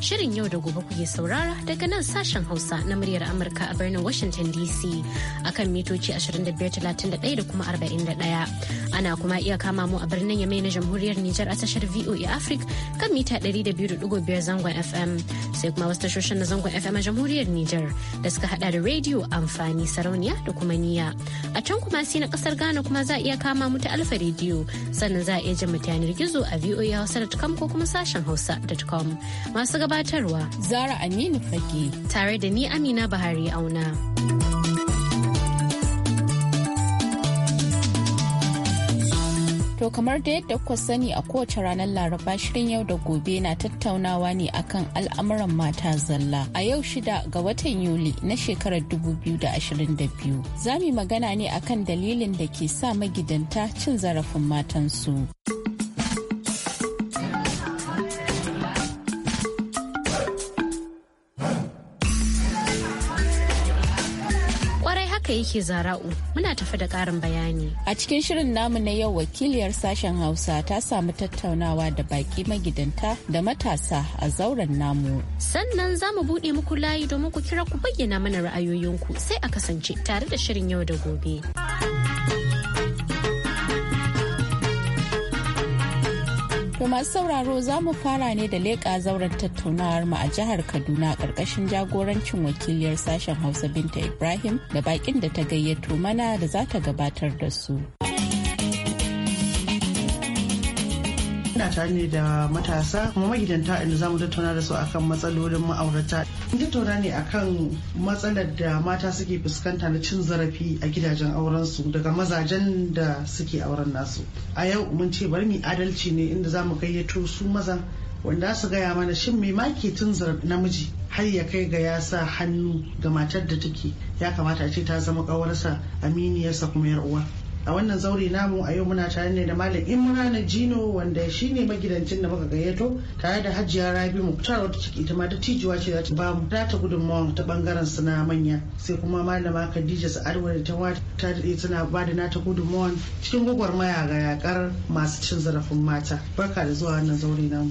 Shirin yau da gobe kuke saurara daga nan sashen Hausa na muryar Amurka a birnin Washington DC akan mitoci 2531 da kuma 41. Ana kuma iya kama mu a birnin Yamai na Jamhuriyar Nijar a tashar VOA Africa kan mita 200.5 zangon FM sai kuma wasu tashoshin na zangon FM a Jamhuriyar Nijar da suka hada da rediyo amfani sarauniya da kuma niya. A can kuma sai na kasar Ghana kuma za a iya kama mu ta alfa rediyo sannan za a iya jin mutanen gizo a Hausa.com ko kuma sashen hausa.com. Masu Gabatarwa Zara Aminu Fage tare da ni Amina Bahari Auna. To kamar da yadda kuka sani a kowace ranar Laraba shirin yau da gobe na tattaunawa ne akan al'amuran mata zalla. A yau shida ga watan Yuli na shekarar 2022. Za mu magana ne akan dalilin da ke sa magidanta cin zarafin matansu. haka yake zara'u muna tafi da ƙarin bayani. A cikin shirin namu na yau wakiliyar sashen Hausa ta samu tattaunawa da baki magidanta da matasa a zauren namu. Sannan za mu buɗe muku layi domin ku kira ku bayyana mana ra'ayoyinku sai a kasance tare da shirin yau da gobe. To masu sauraro za mu fara ne da leƙa zauren tattaunawar mu a jihar Kaduna ƙarƙashin jagorancin wakiliyar sashen Hausa Binta Ibrahim da baƙin da ta gayyato mana da za ta gabatar da su. Ina tare ne da matasa kuma magidanta inda zamu tattauna da su akan matsalolin ma'aurata. Mun tattauna ne akan matsalar da mata suke fuskanta na cin zarafi a gidajen auren su daga mazajen da suke auren nasu. A yau mun ce bari mu adalci ne inda zamu gayyato su maza. wanda su gaya mana shin me ma ke cin namiji har ya kai ga ya sa hannu ga matar da take ya kamata a ce ta zama kawarsa aminiyarsa kuma yar uwa. a wannan zaure namu a yau muna tare ne da malam na jino wanda shi ne magidancin da muka gayyato tare da hajiya rabi muktar wata ciki ita ma tijuwa ce za ta ba mu ta gudunmawa ta bangaren su na manya sai kuma malama khadija sa'adwa da ta wata ta suna ba da nata gudunmawa cikin gwagwarmaya ga yakar masu cin zarafin mata barka da zuwa wannan zauri namu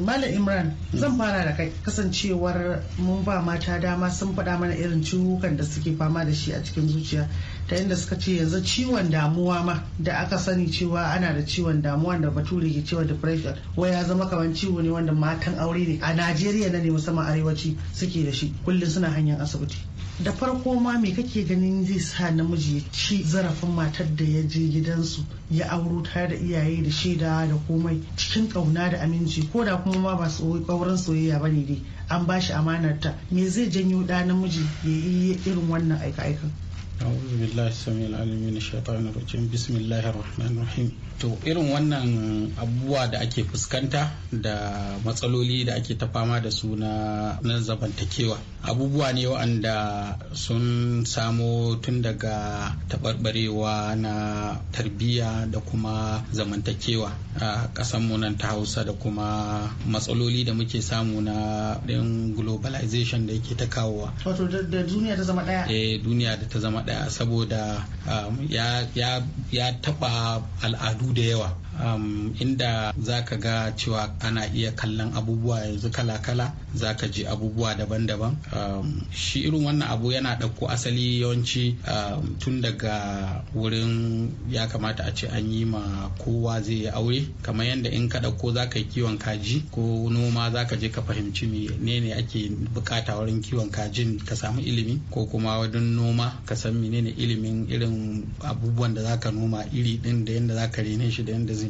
malam imran zan fara da kai kasancewar mun ba mata dama sun faɗa mana irin ciwukan da suke fama da shi a cikin zuciya ta inda suka ce yanzu ciwon damuwa ma da aka sani cewa ana da ciwon damuwa da bature ke cewa depression waya zama kamar ciwo ne wanda matan aure ne a najeriya na ne musamman arewaci suke da shi kullum suna hanyar asibiti da farko ma me kake ganin zai sa namiji ya ci zarafin matar da ya je gidansu ya auro ta da iyaye da shaida da komai cikin kauna da aminci ko da kuma ma ba kauran soyayya ba ne dai an ba shi amanarta me zai janyo ɗa namiji ya yi irin wannan aika-aikan a'udhu billahi rajim bismillahir rahmanir rahim to irin wannan abubuwa da ake fuskanta da matsaloli da ake ta fama da su na zamantakewa abubuwa ne wa'anda sun samo tun daga taɓarɓarewa na tarbiyya da kuma zamantakewa a mu nan ta hausa da kuma matsaloli da muke samu na din globalization da yake ta kawowa wato da duniya ta zama ɗaya eh duniya da ta zama daya saboda um, ya taɓa al'adu da yawa um, inda za ka ga cewa ana iya kallon abubuwa yanzu kala-kala za ka ji abubuwa daban-daban shi irin wannan abu yana ɗauko asali yawanci um, tun daga wurin ya kamata a ce an yi ma kowa zai yi aure kamar yadda in ka ɗauko za ka yi kiwon kaji ko noma za ka je ka fahimci ne ake bukata wurin kiwon kajin ka samu ilimi ko kuma wajen noma ka san menene ilimin irin abubuwan da za ka noma iri ɗin da yadda za ka rene shi da yadda zai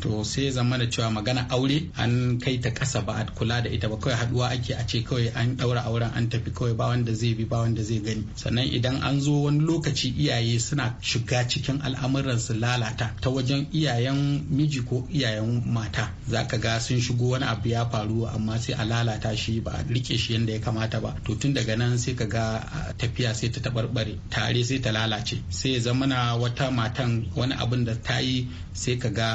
to sai zama da cewa magana aure an kai ta kasa ba a kula da ita ba kawai haduwa ake a ce kawai an daura auren an tafi kawai ba wanda zai bi ba wanda zai gani sannan idan an zo wani lokaci iyaye suna shiga cikin al'amuran su lalata ta wajen iyayen miji ko iyayen mata zaka ga sun shigo wani abu ya faru amma sai a lalata shi ba a rike shi yanda ya kamata ba to tun daga nan sai ka ga tafiya sai ta tabarbare tare sai ta lalace sai ya zamana wata matan wani abin da ta yi sai ka ga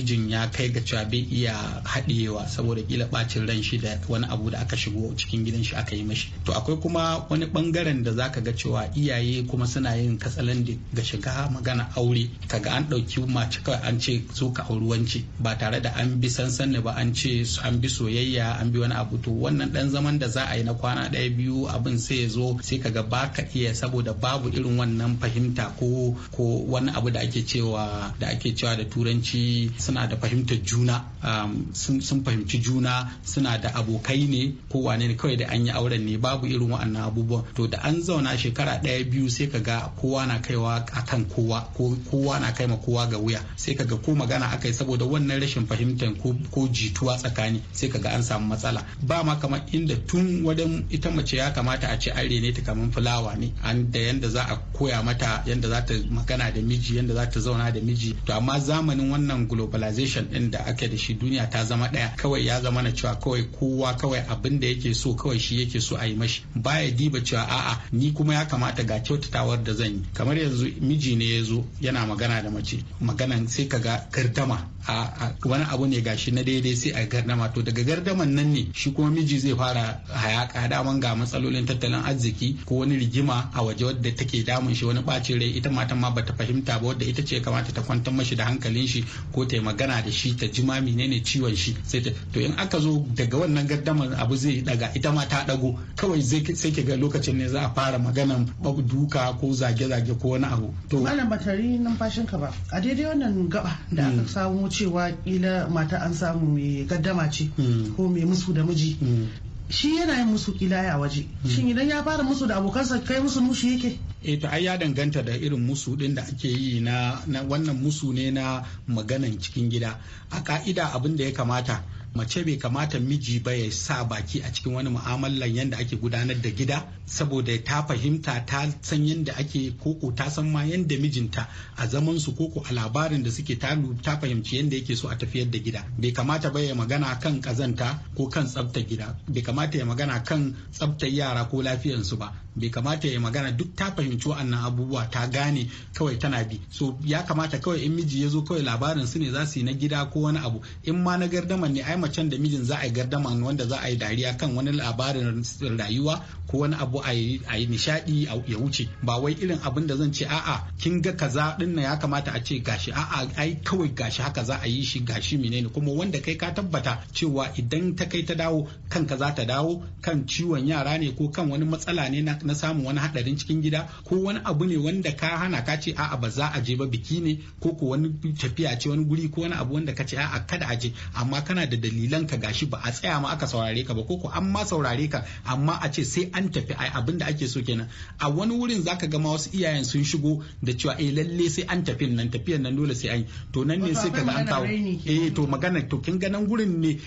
mijin ya kai ga cewa bai iya haɗiyewa saboda kila bacin ran shi da wani abu da aka shigo cikin gidan shi aka yi mashi to akwai kuma wani bangaren da zaka ga cewa iyaye kuma suna yin katsalandi ga shiga magana aure kaga an ɗauki mace kawai an ce zo ka auri wance ba tare da an bi sansan ba an ce an bi soyayya an bi wani abu to wannan dan zaman da za a yi na kwana ɗaya biyu abin sai ya zo sai kaga baka iya saboda babu irin wannan fahimta ko ko wani abu da ake cewa da ake cewa da turanci suna da fahimtar juna um, sun fahimci juna suna da abokai ne ko wane ne kawai da an yi auren ne babu irin wa'annan abubuwan to da an zauna shekara ɗaya biyu sai ka ga kowa na kaiwa akan kowa ko kowa na kaima kowa ga wuya sai ka ga ko magana aka yi saboda wannan rashin fahimtar ko jituwa tsakani sai ka ga an samu matsala ba ma kamar inda tun wadan ita mace ya kamata a ce an rene ta kamar fulawa ne an da yanda za a koya mata yanda za ta magana da miji yanda za ta zauna da miji to amma zamanin wannan global globalization din da ake da shi duniya ta zama ɗaya kawai ya zama na cewa kawai kowa kawai abin da yake so kawai shi yake so a yi mashi baya diba cewa a'a ni kuma ya kamata ga kyautatawar da zan yi kamar yanzu miji ne ya zo yana magana da mace maganan sai ka ga gardama a wani abu ne gashi na daidai sai a gardama to daga gardaman nan ne shi kuma miji zai fara hayaka daman ga matsalolin tattalin arziki ko wani rigima a waje wadda take damun shi wani bacin rai ita matan ma bata fahimta ba wadda ita ce kamata ta kwantar mashi da hankalin shi ko ta yi magana da shi ta jima menene ciwon shi sai ta to in aka zo daga wannan gardaman abu zai daga ita ma ta dago kawai sai ki ga lokacin ne za a fara maganan duka ko zage-zage ko wani abu to malam batari numfashinka ba a daidai wannan gaba da aka mm. samu cewa kila mata an samu mai gaddama ce mm. ko mai musu da miji mm. shi yana yin musu kila a waje mm. shin idan ya fara musu da abokansa kai musu nushi yake eh to ai ya danganta da irin musu din da ake yi na wannan musu ne na maganan cikin gida a ka'ida abin da ya kamata mace bai kamata miji ba ya sa baki a cikin wani mu'amalan yadda ake gudanar da gida saboda ta fahimta ta san yadda ake koko ta san ma yadda mijinta a zaman su koko a labarin da suke ta fahimci yadda yake so a tafiyar da gida bai kamata ba ya magana kan kazanta ko kan tsabta gida bai kamata ya magana kan tsabtar yara ko lafiyarsu ba bai kamata ya magana duk ta fahimci wannan abubuwa ta gane kawai tana bi so ya kamata kawai in miji ya zo kawai labarin su ne za su yi na gida ko wani abu in ma na gardaman ne ai macen da mijin za a yi gardaman wanda za a yi dariya kan wani labarin rayuwa ko wani abu a yi nishadi ya wuce ba wai irin abin da zan ce a'a kin ga kaza din ya kamata a ce gashi a'a ai kawai gashi haka za a yi shi gashi menene kuma wanda kai ka tabbata cewa idan ta kai ta dawo kanka za ta dawo kan ciwon yara ne ko kan wani matsala ne na na samun wani hadarin cikin gida ko wani abu ne wanda ka hana ka ce a'a ba za a je ba biki ne ko ko wani tafiya ce wani guri ko wani abu wanda ka ce a'a kada a je amma kana da dalilan ka gashi ba a tsaya ma aka saurare ka ba ko ko an ma saurare ka amma a ce sai an tafi ai abin da ake so kenan a wani wurin zaka ga ma wasu iyayen sun shigo da cewa eh lalle sai an tafi nan tafiyan nan dole sai an to nan ne sai kaga an kawo eh to magana to kin ga nan gurin ne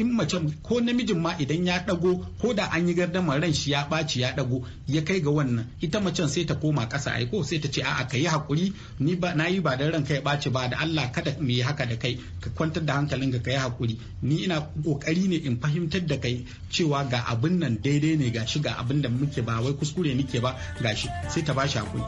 in mace ko namijin ma idan ya dago ko da an yi gardama ran shi ya baci ya dago ya kai ga wannan ita macen sai ta koma ƙasa ko sai ta ce a'a ka yi hakuri ni ba na yi ba da ranka ya bace ba da Allah kada mu yi haka da kai ka kwantar da hankalin ka yi hakuri ni ina kokari ne in fahimtar da kai cewa ga abin nan daidai ne ga shi ga abin da muke ba wai kuskure nike ba ga shi sai ta bashi hakuri.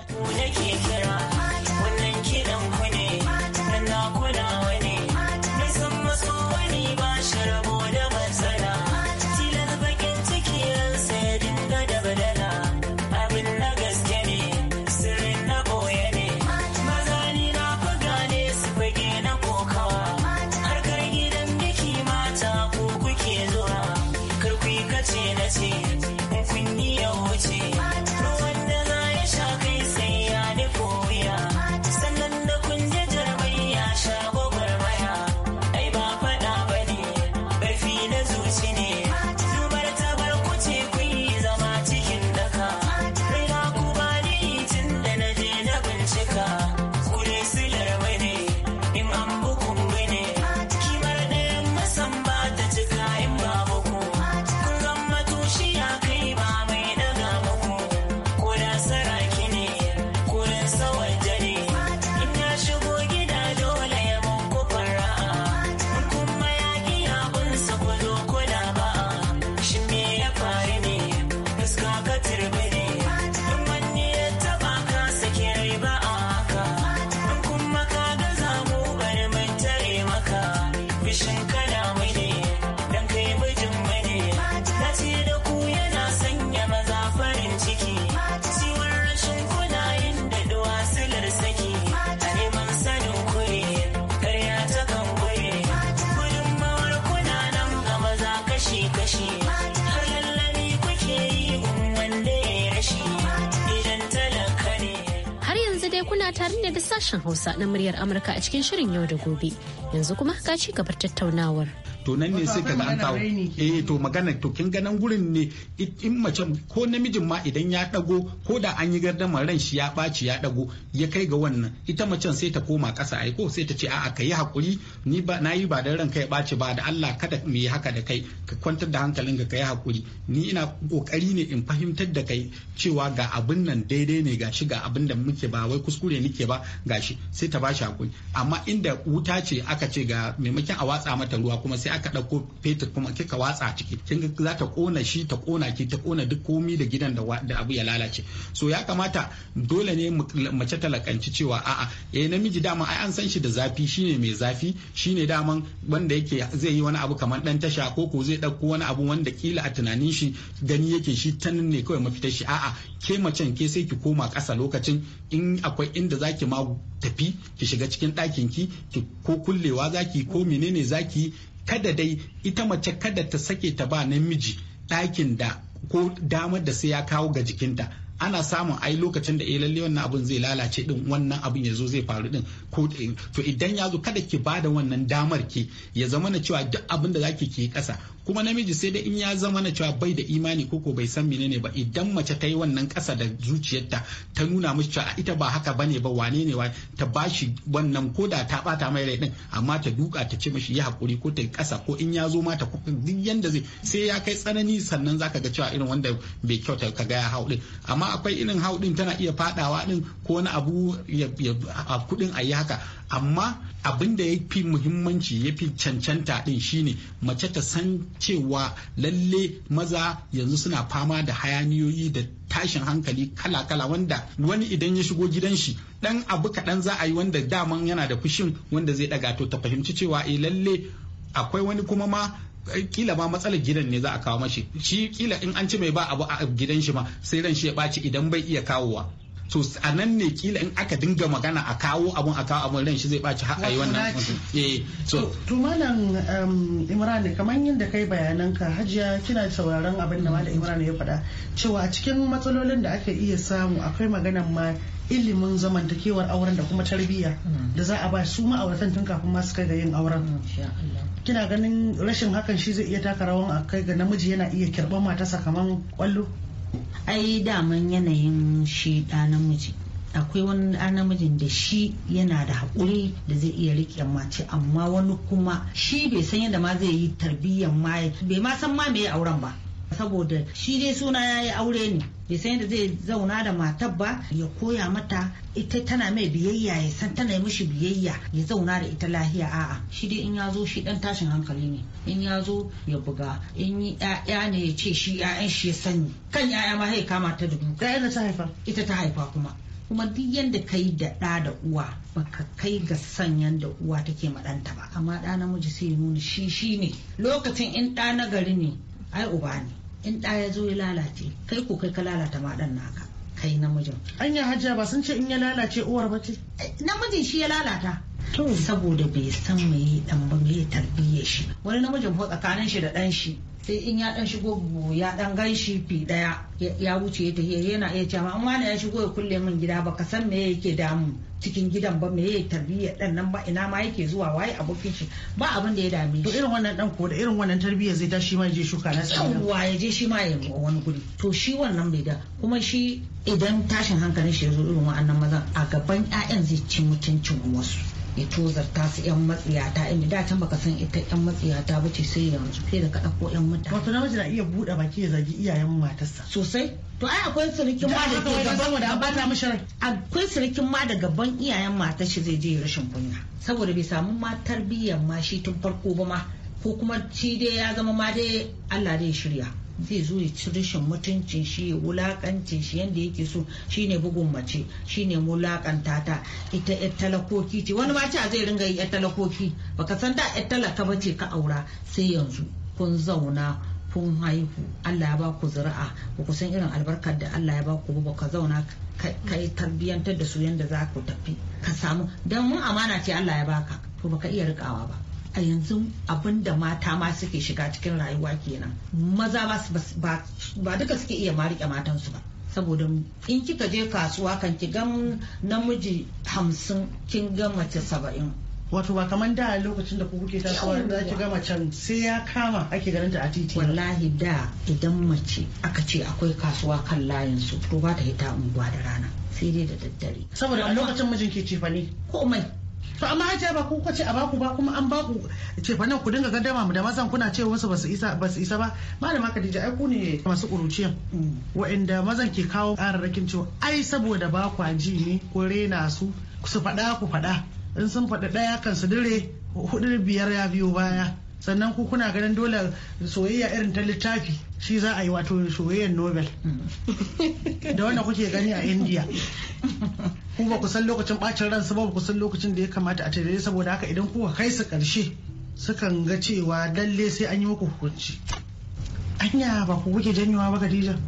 kuna tare ne da sashen Hausa na muryar Amurka a cikin shirin yau da gobe. Yanzu kuma ga ci gabar tattaunawar. to nan ne sai kaga an kawo eh to magana to kin ganan gurin ne in mace ko namijin ma idan ya dago ko da an yi gardamar ran shi ya baci ya dago ya kai ga wannan ita macen sai ta koma ƙasa ai ko sai ta ce a'a yi hakuri ni ba nayi ba dan ran kai baci ba da Allah kada mu yi haka da kai ka kwantar da hankalin ka yi hakuri ni ina kokari ne in fahimtar da kai cewa ga abin nan daidai ne gashi ga abin da muke ba wai kuskure nake ba gashi sai ta bashi hakuri amma inda wuta ce aka ce ga maimakon a watsa mata ruwa kuma sai aka ɗauko fetur kuma kika watsa a ciki kin ga za ta kona shi ta kona ki ta kona duk komi da gidan da da abu ya lalace so ya kamata dole ne mace talakanci cewa a'a eh namiji dama ai an san shi da zafi shine mai zafi shine daman wanda yake zai yi wani abu kamar dan tasha ko ko zai ɗauko wani abu wanda kila a tunanin shi gani yake shi ta ne kawai mafitar shi a'a ke macen ke sai ki koma ƙasa lokacin in akwai inda zaki ma tafi ki shiga cikin ɗakin ki ko kullewa zaki ko menene zaki kada dai ita mace kada ta sake ta ba namiji ɗakin da ko damar da sai ya kawo ga jikinta ana samun ai lokacin da eh lalle wannan abun zai lalace din wannan abin ya zo zai faru din ko eh, to idan ya zo kada ki bada wannan damar ki ya zama na cewa duk abin da zaki ki kasa kuma namiji sai dai in ya zama na cewa bai da imani ko ko bai san menene ba idan mace ta yi wannan kasa da zuciyarta ta nuna mishi cewa ita ba haka bane ba wane ne ta bashi wannan ko da ta bata mai rai din amma ta duka ta ce mishi yi hakuri ko ta yi kasa ko in ya zo mata kuka duk yanda zai sai ya kai tsanani sannan zaka ga cewa irin wanda bai kyauta ka ga ya hau din amma akwai irin hau din tana iya fadawa din ko wani abu ya kudin yi haka amma abin da ya fi muhimmanci ya fi cancanta din shine mace ta san cewa lalle maza yanzu suna fama da hayaniyoyi da tashin hankali kala-kala wanda wani idan ya shigo gidan shi dan abu kaɗan za a yi wanda daman yana da fushin wanda zai ɗaga to ta fahimci cewa eh lalle akwai wani kuma ma kila eh, ma matsalar gidan ne za a kawo mashi shi kila in an ci mai ba abu a gidan shi ma sai ran shi ya ɓaci idan bai iya kawowa so a nan ne kila in aka dinga magana a kawo abun a kawo abun ran shi zai baci har wannan eh, so to malam um, Imran kamar yadda kai bayanan ka Hajiya kina sauraron abin da malam Imran ya faɗa cewa a cikin matsalolin da aka iya samu akwai maganan ma ilimin zamantakewar auren da kuma tarbiyya da za a ba su ma'auratan tun kafin masu kai ga yin auren mm, kina ganin rashin hakan shi zai iya taka rawan a kai ga namiji yana iya kirɓar mata sakamakon kwallo ai daman yanayin shi ɗa namiji akwai wani ɗa namijin da shi yana da haƙuri da zai iya riƙe mace amma wani kuma shi bai san yadda ma zai yi tarbiyyar ma bai ma san ma me auren ba saboda shi dai suna ya yi aure ne ya san yadda zai zauna da matar ba ya koya mata ita tana mai biyayya ya san tana yi mishi biyayya ya zauna da ita lahiya a'a shi dai in ya zo shi dan tashin hankali ne in ya zo ya buga in yi yaya ne ya ce shi 'ya'yan shi ya sani kan yaya ma ya kama ta dubu ƴaƴan da ta haifa ita ta haifa kuma kuma duk yadda ka yi da ɗa da uwa baka kai ga san yadda uwa take maɗanta ba amma ɗa namiji sai ya nuna shi shi ne lokacin in ɗa na gari ne ai uba ne in ɗa ya zo ya lalace kai ko kai ka lalata ma ɗan naka kai namijin anya hajiya ba sun ce in ya lalace uwar ba ce namijin shi ya lalata saboda bai san me dan ba mai tarbiyyar shi wani namijin ko tsakanin shi da ɗan shi sai in ya dan shigo buhu ya dan gan shi fi daya ya wuce ya tafi yana iya cewa an wani ya shigo ya kulle min gida baka san me yake damu cikin gidan ba me yake tarbiyyar dan nan ba ina ma yake zuwa waye abokin shi ba abin da ya dame to irin wannan dan ko da irin wannan tarbiyyar zai tashi ma je shuka na tsaye wa ya je shi ma ya wani guri to shi wannan bai da kuma shi idan tashin hankalin shi ya zo irin wa'annan mazan a gaban ƴaƴan zai ci mutuncin wasu ya ta su yan matsiyata inda da can baka san ita yan matsiyata ba ce sai yanzu sai da ka ko yan mutane. Wato namiji na iya buɗe baki ya zagi iyayen matarsa. Sosai. To ai akwai sirikin ma da ke gaban da bata mishi Akwai sirikin ma da gaban iyayen matar shi zai je rashin kunya. Saboda bai samu matar biyan ma shi tun farko ba ma ko kuma shi dai ya zama ma dai Allah dai shirya zai zo ya ci rashin mutuncin shi ya wulakanci shi yadda yake so shi ne bugun mace shi ne mulakanta ta ita yar talakoki ce wani ma zai ringa yi yar talakoki baka san da yar talaka ba ce ka aura sai yanzu kun zauna kun haihu Allah ya ba ku zuri'a ba ku san irin albarkar da Allah ya ba ku ba ka zauna ka yi tarbiyyantar da su yadda za ku tafi ka samu don mun amana ce Allah ya baka to baka iya rikawa ba a yanzu abin da mata ma suke shiga cikin rayuwa kenan maza ba duka suke iya ma rike matansu ba saboda in kika je kasuwa kan ki gan namiji hamsin kin ga mace saba'in wato ba kamar da lokacin da kuke tasowa da ki gama can sai ya kama ake ganin ta a titi wallahi da idan mace aka ce akwai kasuwa kan layin su to ba ta hita unguwa da rana sai dai da daddare saboda a lokacin mijin ke cefa komai to amma hajiya ba kuka ce a baku ba kuma an baku ce fa ku dinga gaddama mu da mazan kuna ce wasu basu isa basu isa ba malama Khadija ai ku ne masu kuruciyan wa'anda mazan ke kawo kararrakin cewa ai saboda ba kwa ji ne ko rena su su faɗa ku faɗa in sun faɗi ɗaya kan su dire hudu biyar ya biyo baya sannan ku kuna ganin dole soyayya irin ta littafi shi za a yi wato soyayyar nobel da wanda kuke gani a india ku ba ku san lokacin bacin ransu ba ku san lokacin da ya kamata a tare saboda haka idan kuka kai su karshe sukan ga cewa lalle sai an yi muku hukunci anya ba ku kuke janyowa ba Khadija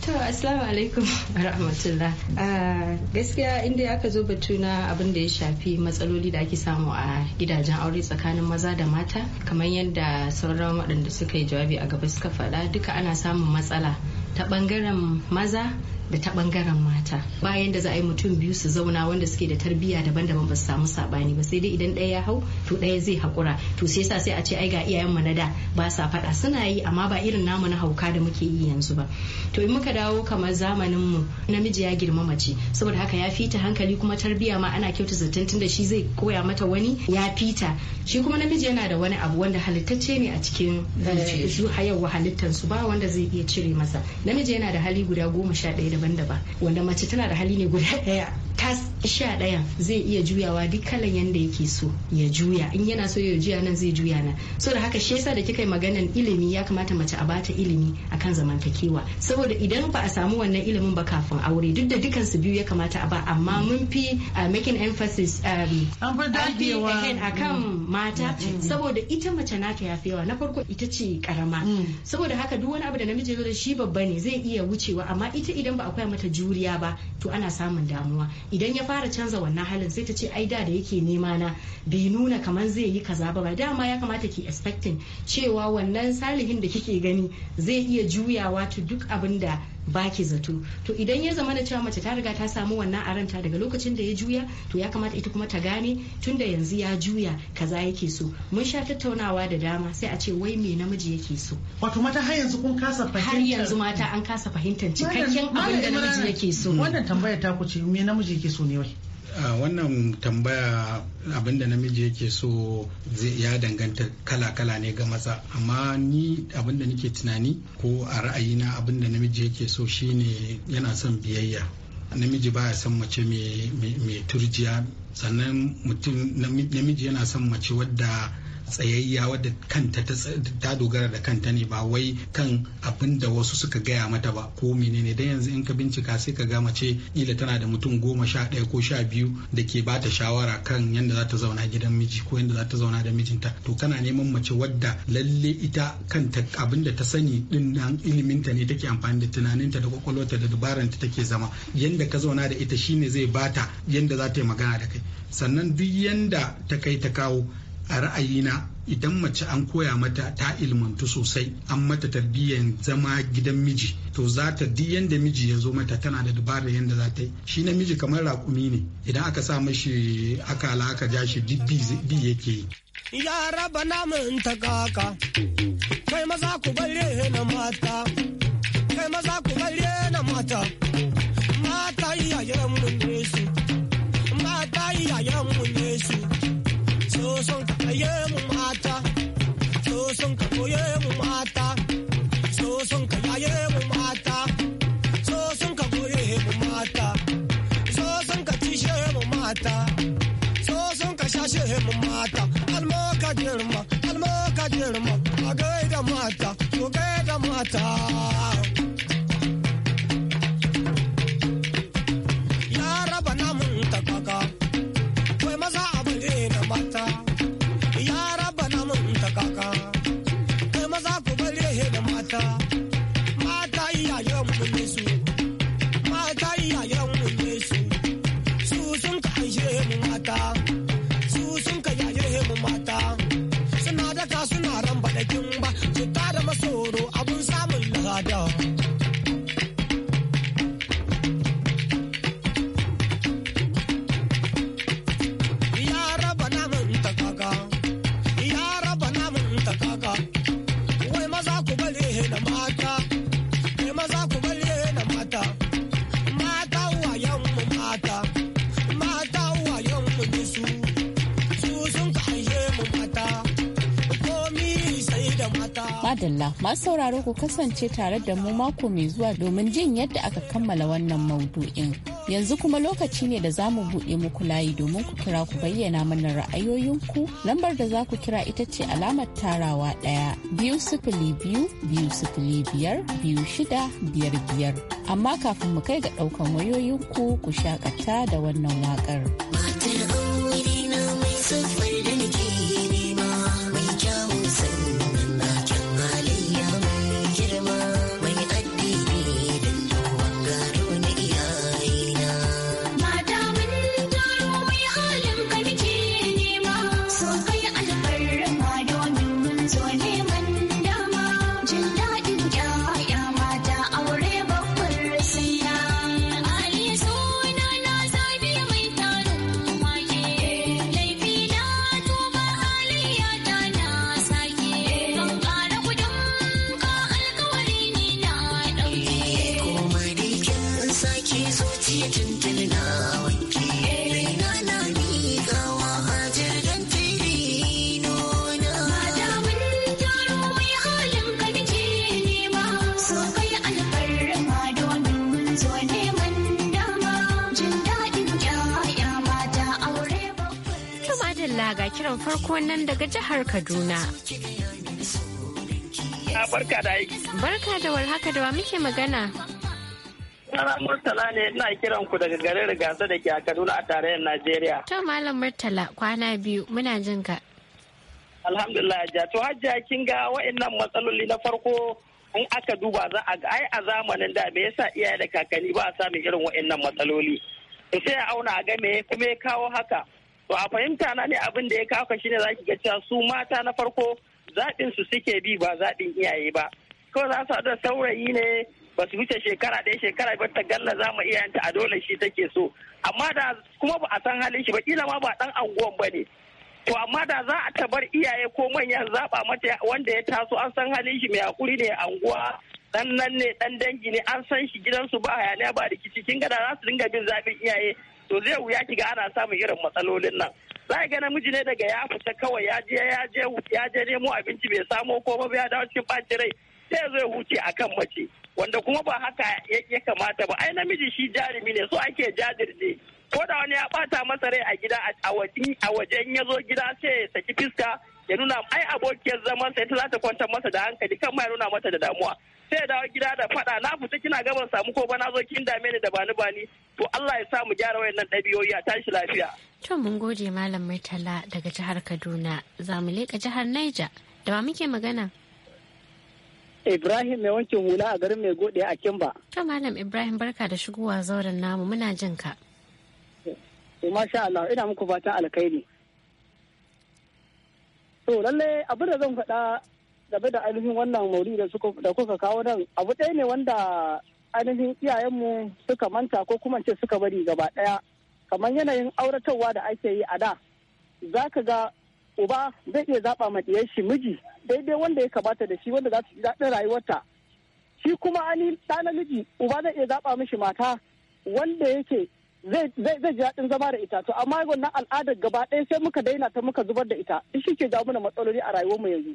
To assalamu alaikum rahmatullah. Uh, gaskiya inda aka zo batu na abin da ya shafi matsaloli da ake samu a gidajen aure tsakanin maza da mata kamar yadda sauran waɗanda suka yi jawabi a gaba suka faɗa duka ana samun matsala ta ɓangaren maza da ta bangaren mata bayan da za a yi mutum biyu su zauna wanda suke da tarbiyya daban-daban ba su samu sabani ba sai dai idan ɗaya ya hau to ɗaya zai hakura to sai yasa sai a ce ai ga iyayen mu na da ba sa faɗa suna yi amma ba irin namu na hauka da muke yi yanzu ba to in muka dawo kamar zamanin mu namiji ya girma mace saboda haka ya fita hankali kuma tarbiyya ma ana kyauta zaton tunda shi zai koya mata wani ya fita shi kuma namiji yana da wani abu wanda halittacce ne a cikin su eh, hayawa halittansu ba wanda zai iya cire masa namiji yana da hali guda goma sha ɗaya da daban-daban wanda mace tana da hali ne guda ɗaya tas sha ɗaya zai iya juyawa duk kalan yanda yake so ya juya in yana so ya juya nan zai juya nan so da haka shi yasa da kika yi maganan ilimi ya kamata mace a bata ilimi akan zamantakewa saboda idan ba a samu wannan ilimin ba kafin aure duk da dukan su biyu ya kamata a ba amma mun fi uh, making emphasis um, akan mm. mata saboda ita mace nata ya yawa na farko ita ce karama mm. saboda haka duk wani abu da namiji zo da shi babba ne zai iya wucewa amma ita idan ba akwai mata juriya ba to ana samun damuwa idan ya fara canza wannan halin sai ta ce ai da da yake nema na bai nuna kamar zai yi kaza ba ba dama ya kamata ki expecting cewa wannan salihin da kike gani zai iya juyawa to duk abin da baki zato to idan ya zama da cewa mace ta riga ta samu wannan a daga lokacin da ya juya to ya kamata ita kuma ta gane tun da yanzu ya juya kaza yake so mun sha tattaunawa da dama sai a ce wai me namiji yake so wato mata har yanzu kun kasa fahimtar har yanzu mata an kasa fahimtar cikakken abin da namiji yake so wannan tambayar ta kuce me namiji yake so ne wai wannan tambaya abinda namiji yake so ya danganta kala-kala ne ga maza amma ni abinda nake tunani ko a ra'ayina abinda namiji yake so shine yana son biyayya namiji baya son mace mai turjiya sannan mutum namiji yana son mace wadda tsayayya wadda kanta ta dogara da kanta ne ba wai kan abin da wasu suka gaya mata ba ko menene dan yanzu in ka bincika sai ka ga mace ila tana da mutum goma sha ɗaya ko sha biyu da ke bata shawara kan yadda za ta zauna gidan miji ko yadda za ta zauna da mijinta to kana neman mace wadda lalle ita kanta abin da ta sani din nan iliminta ne take amfani da tunaninta da kwakwalwarta da dabaranta take zama yadda ka zauna da ita shine zai bata yadda za ta yi magana da kai sannan duk yanda ta kai ta kawo a ra'ayina idan mace an koya mata ta ilmantu sosai an mata tarbiyyar zama gidan miji to za ta duk yadda miji ya zo mata tana da dabarar yadda za ta yi shi namiji kamar raƙumi ne idan aka sa mashi akala aka ja shi duk bi yake yi ya raba namun ta kaka kai maza ku bare na mata kai maza ku bare na mata mata iyayen mun su koye mu mata so sun ka koye mu mata ma Masu sauraro ku kasance tare da mu mako mai zuwa domin jin yadda aka kammala wannan maudu'in. Yanzu kuma lokaci ne da za mu buɗe muku layi domin ku kira ku bayyana mana ra'ayoyinku. Lambar da za ku kira ita ce alamar tarawa ɗaya biyu sifili biyu biyu sifili biyar biyu shida biyar biyar. Amma kafin mu kai ga ɗaukan wayoyinku ku shakata da wannan waƙar. daga jihar Kaduna. Ah, barka da aiki. Barka da warhaka da wa muke magana. Sana Murtala ne ina kiran ku daga garin Rigasa da ke a Kaduna a tarayyar Najeriya. To Malam Murtala kwana biyu muna jin ka. Alhamdulillah ja to hajja kin ga wa'annan matsaloli na farko in aka duba za a ai a zamanin da me yasa iyaye da kakanni ba a samun irin wa'annan matsaloli. Sai a auna a ga me kuma ya kawo haka. to a fahimta na ne abin da ya kawo shine za ki ga cewa su mata na farko zaɓin su suke bi ba zaɓin iyaye ba kawai za su haɗa saurayi ne ba su wuce shekara ɗaya shekara ba ta galla za mu iyayenta a dole shi take so amma da kuma ba a san halin shi ba kila ma ba ɗan anguwan ba ne to amma da za a bar iyaye ko manyan zaɓa mata wanda ya taso an san halin shi mai hakuri ne anguwa dan nan ne dan dangi ne an san shi gidansu ba hayaniya ba rikici kin gada da za su dinga bin zaɓin iyaye to zai wuya ki ga ana samun irin matsalolin nan za a ga namiji ne daga ya fita kawai ya je ya je ya je nemo abinci bai samo ko ba ya dawo cikin ɓaci rai sai zai huce kan mace wanda kuma ba haka ya kamata ba ai namiji shi jarumi ne so ake jajirce ko da wani ya bata masa rai a gida a wajen ya zo gida sai ya saki fiska ya nuna ai abokiyar zaman sai ta za ta kwantar masa da hankali kan ma ya nuna mata da damuwa sai dawo gida da fada na fita kina gaban samu ko ba na zo kin dame ni da bani bani to Allah ya sa mu gyara wayannan dabiyoyi a tashi lafiya to mun gode malam Murtala daga jihar Kaduna za mu leka jihar Niger da ba muke magana Ibrahim mai wankin hula a garin mai gode a Kimba to malam Ibrahim barka da shigowa zauren namu muna jin ka masha Allah ina muku fatan alkhairi to lalle abin da zan faɗa game da ainihin wannan mauri da kuka kawo nan abu ɗaya ne wanda ainihin iyayenmu suka manta ko kuma ce suka bari gaba ɗaya kamar yanayin auratarwa da ake yi a da za ka ga uba zai iya zaɓa ma shi miji daidai wanda ya kamata da shi wanda za su ji daɗin rayuwarta shi kuma ani ɗa namiji uba zai iya zaɓa mishi mata wanda yake zai ji daɗin zama da ita to amma wannan al'adar gaba ɗaya sai muka daina ta muka zubar da ita shi ke jawo mana matsaloli a rayuwarmu yanzu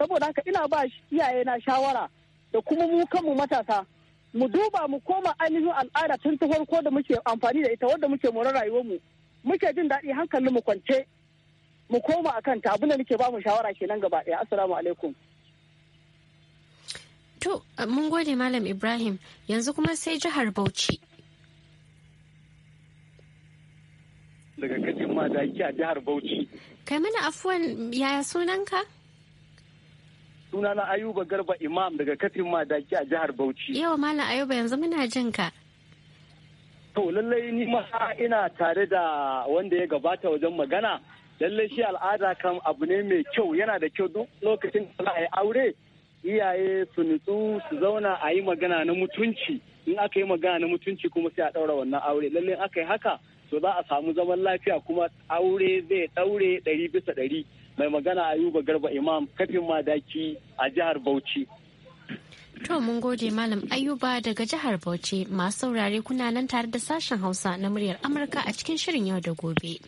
saboda haka ina ba iyaye na shawara da kuma mu kanmu matasa mu duba mu koma ainihin al'ada tun ta farko da muke amfani da ita wadda muke more rayuwarmu muke jin daɗi hankalin mu kwance mu koma akan ta abinda da nake ba mu shawara kenan gaba ɗaya assalamu alaikum to mun gode malam ibrahim yanzu kuma sai jihar bauchi daga gajin madaki a jihar bauchi kai mana afuwan yaya sunanka sunana ayuba garba imam daga katin madaki a jihar bauchi yawa malam ayuba yanzu muna jin ka to lallai ni ma ina tare da wanda ya gabata wajen magana lallai shi al'ada kan abu ne mai kyau yana da kyau duk lokacin da za a yi aure iyaye su nutsu su zauna a yi magana na mutunci in aka yi magana na mutunci kuma sai a ɗaura wannan aure lallai aka yi haka to za a samu zaman lafiya kuma aure zai ɗaure ɗari bisa ɗari mai magana ayuba garba imam kafin madaki a jihar bauchi to mun gode malam ayuba daga jihar bauchi masu saurare kuna nan tare da sashen hausa na muryar amurka a cikin shirin yau da gobe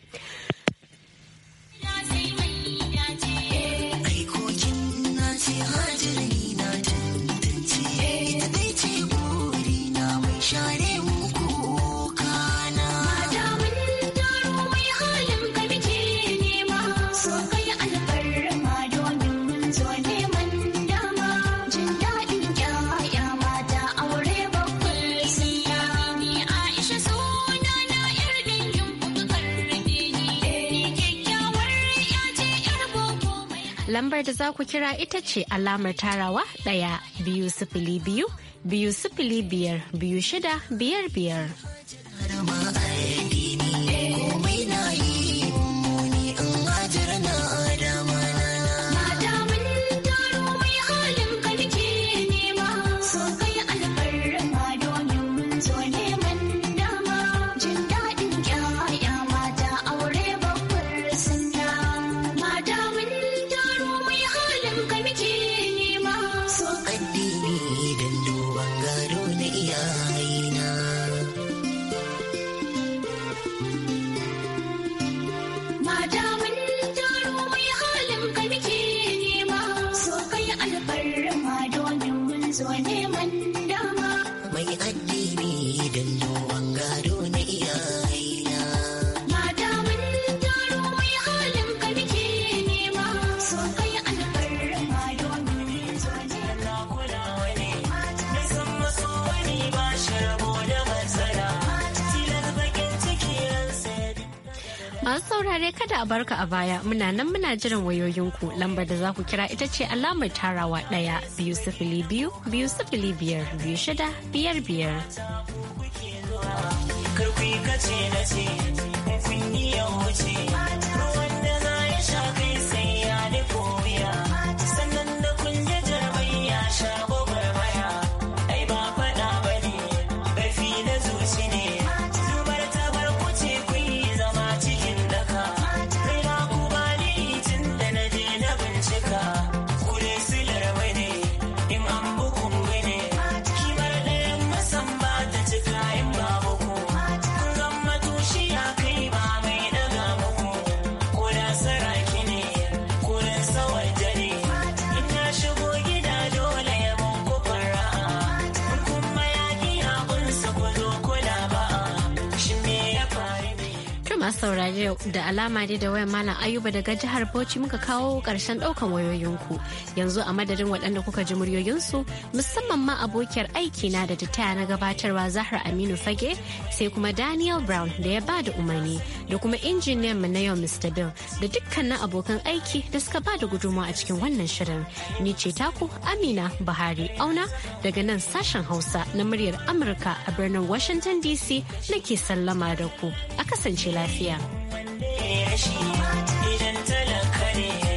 lambar da za ku kira ita ce alamar tarawa ɗaya biyu sifili biyu biyu sifili biyar biyu shida biyar biyar. so neman saurare kada a barka a baya muna nan muna jiran wayoyinku lambar da za ku kira ita ce alamar tarawa ɗaya biyu sifili biyu biyu sifili biyar biyu shida biyar biyar. kace na ce, kun yi saurari saurare da alama dai da wayan malam ayuba daga jihar bauchi muka kawo karshen daukan wayoyinku yanzu a madadin waɗanda kuka ji muryoyinsu musamman ma abokiyar aikina da ta taya na gabatarwa zahra aminu fage sai kuma daniel brown da ya ba da umarni da kuma injiniyan mu na yau mr bill da dukkanin abokan aiki da suka ba da gudunmawa a cikin wannan shirin ni ce taku amina buhari auna daga nan sashen hausa na muryar amurka a birnin washington dc nake sallama da ku a kasance lafiya. Eh, idan talaka ne